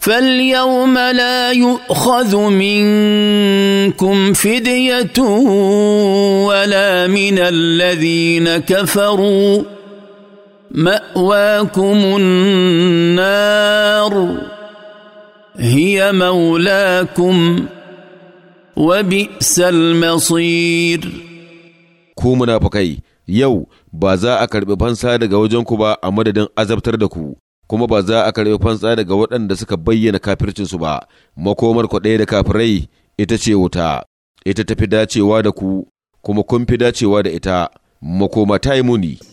فاليوم لا يؤخذ منكم فدية ولا من الذين كفروا مأواكم النار هي مولاكم وبئس المصير كومنا بكي يو ba za a karɓi fansa daga wajenku ba a madadin azabtar da ku kuma ba za a karɓi fansa daga waɗanda suka bayyana kafircinsu ba, makomar ku ɗaya da kafirai ita ce wuta, ita tafi dacewa da ku, kuma kun fi dacewa da ita, makoma ta yi muni.